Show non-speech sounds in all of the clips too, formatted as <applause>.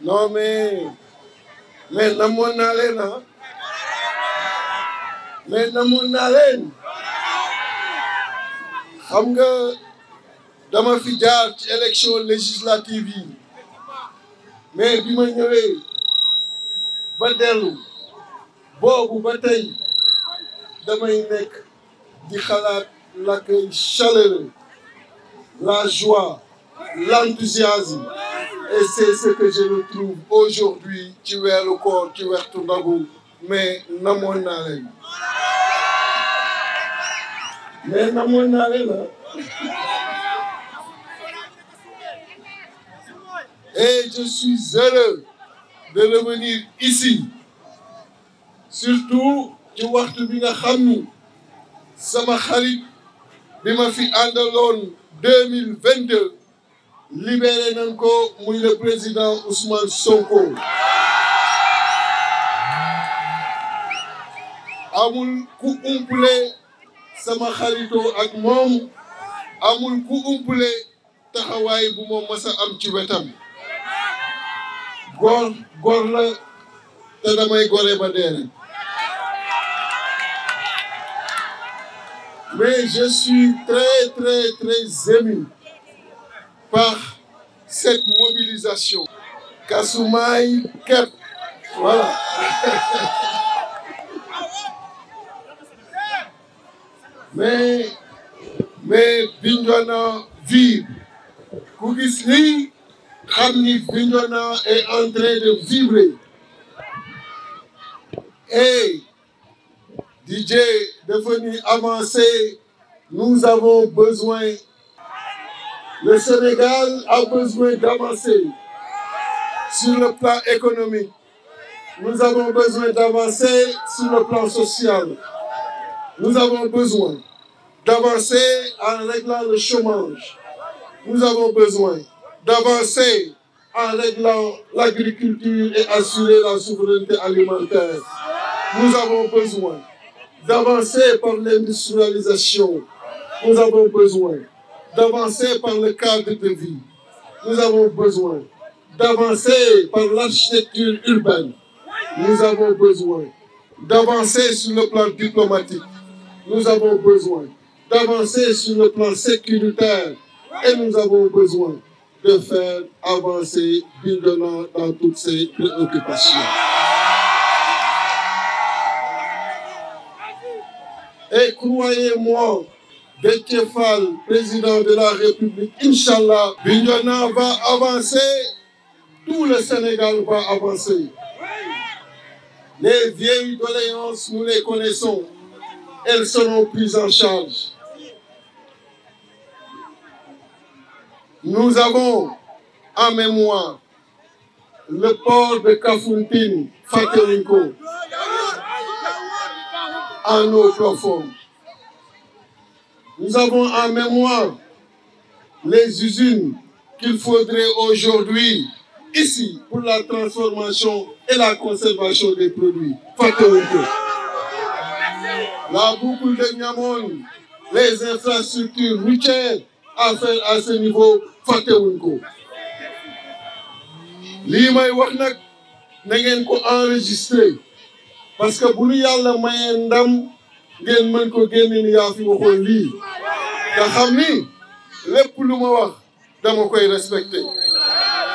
non mais mais namoon naa leen ah mais xam nga dama fi jaar ci élection yi mais bi ma ñëwee ba dellu boobu ba tey damay nekk di xalaat l'accueil chaleureux, la joie, l'enthousiasme. Et c'est ce que je retrouve aujourd'hui ci weeru koor ci weextu ndogu mais namoon mais namoon et je suis heureux de revenir ici surtout ci waxtu bi nga xam ni sama xarit bi ma fi àndaloon deux mille vingt deux libéré nañ ko muy le président Ousmane Sonko. amul ku umpule sama xaritoo ak moom amul ku umpule taxawaay bu ma mës a am ci wetam. góor góor la te damay gore ba dee rek Mais je suis très, très, très ému par cette mobilisation. Kasumai Kep. Voilà. <laughs> mais mais Bignona vive. Kougisli, Khamni Bignona est en de vibrer. Et DJ devenu avancé, nous avons besoin. Le Sénégal a besoin d'avancer sur le plan économique. Nous avons besoin d'avancer sur le plan social. Nous avons besoin d'avancer en réglant le chômage. Nous avons besoin d'avancer en réglant l'agriculture et assurer la souveraineté alimentaire. Nous avons besoin d'avancer par l'industrialisation. Nous avons besoin d'avancer par le cadre de vie. Nous avons besoin d'avancer par l'architecture urbaine. Nous avons besoin d'avancer sur le plan diplomatique. Nous avons besoin d'avancer sur le plan sécuritaire. Et nous avons besoin de faire avancer Bildona dans toutes ses préoccupations. croyez-moi, Betchefal, président de la République, Inch'Allah, Bignona va avancer, tout le Sénégal va avancer. Les vieilles doléances, nous les connaissons, elles seront prises en charge. Nous avons en mémoire le port de Kafountine, Faterinko, en eau profonde. Nous avons en mémoire les usines qu'il faudrait aujourd'hui ici pour la transformation et la conservation des produits. Fatorito. La boucle de Niamon, les infrastructures routières à faire à ce niveau fàttewuñ ko lii may wax nag na ngeen ko enregistré parce que bu ngeen mën ko génne ni yaa fi waxoon lii nga xam ni lépp lu ma wax dama koy respecté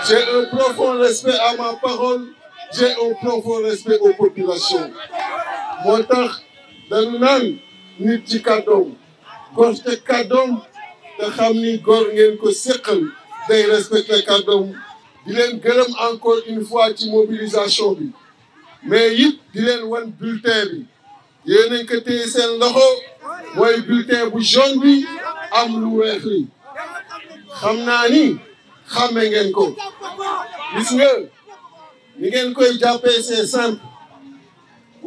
j'ai un profond respect à ma parole j'ai un profond respect aux populations moo tax dañu naan nit ci kàddoom gor te kàddoom te xam ni gor ngeen ko séqal day respecté kàddoom di leen gërëm encore une fois ci mobilisation bi mais it di leen wan bulletin bi yéen a ko seen loxo mooy bulletin bu jaune bi am lu weex xam naa ni xàmme ngeen ko gis nga ni ngeen koy jàppee seen simple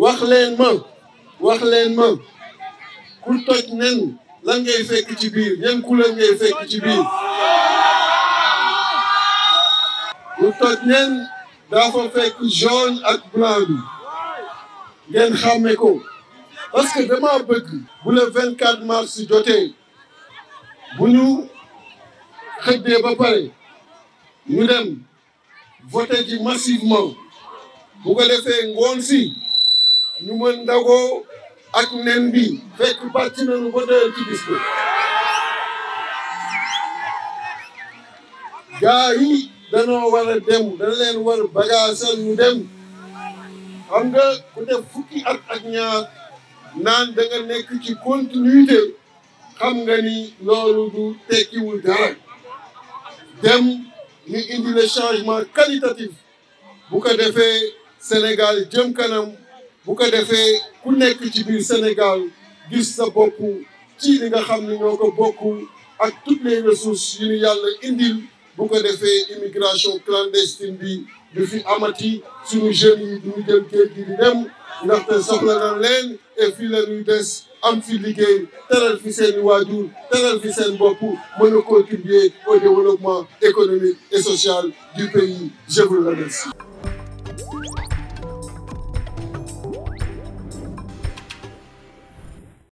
wax leen ma wax leen ma ku toj nen lan ngay fekk ci biir ñan couleur ngay fekk ci ku toj nen daa fekk jaune ak blanc bi ngeen xàmme ko parce que dama bëgg bu le 24 mars jotee bu ñu xëddee ba pare ñu dem voté ji massivement bu ko defee ngoon si ñu mën ndagoo ak nen bi fekk ba doyal ci bis bi gaa yi danoo war dem dana leen war bagaasal ñu dem xam nga def fukki ak ñaar naan da nekk ci continuité xam nga ni loolu du tekkiwul dara dem ñu indi changement qualitatif bu ko defee Sénégal jëm kanam bu ko defee ku nekk ci biir Sénégal gis sa bopp ci li nga xam ne ñoo ko bokk ak toutes les ressources yu ñu yàlla indil bu ko defee immigration clandestine bi du fi amati sunu jeunes yi duñu jël géej gi di dem ndaxte soxla na leen te fii la ñuy am fi liggéey teral fi seen i waajur teral fi seen bopp mën a contribuer au développement économique et social du pays je vous remercie